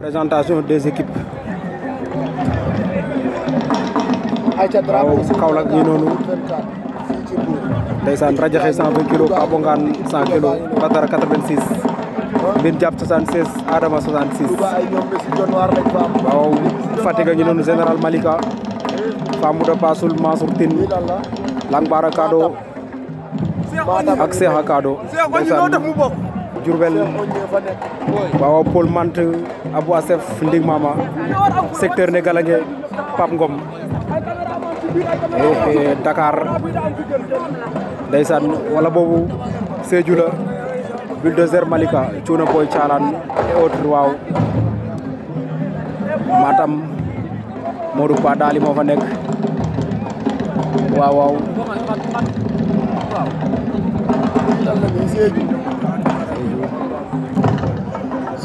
Présentation des équipes. waaw Kaolack nonu, noonu ndeysaan Radiakhé 120 kilo, Kabongane 100 kilo, Batara 86 bin Diap 76 Adama 66 fatiga Fatick ñu Général Malika Famouda Pasul Mansour Tine Langbara Kado ak Seexa Kado Jurbel, waaw Paul Mante Abou Assef Ndig Mama secteur ne Galangué Pape Ngom Dakar ndeysaan wala boobu Sédhiou la bulldozer Malika Cuuna Boy Caalaan et autres waaw Matam Modou Pa Daali moo fa nekk waaw waaw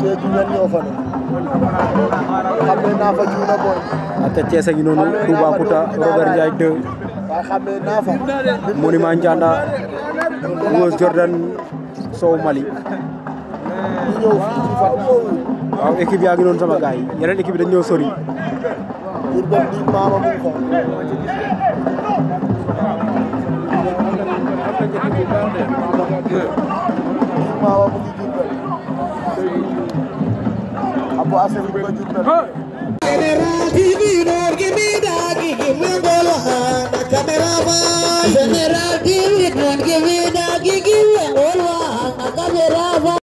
Thiès ñoo fa ne xam ne a ngi noonu Toubacouta Robert Ndiaye 2 waaye xam ne naa fa monument Ndianda Rose Jordan Sow Mali ñu ñëw fii ci waaw équipe yaa ngi noonu sama gars yi yeneen équipe sori Diourbel maama mu Apo Asemi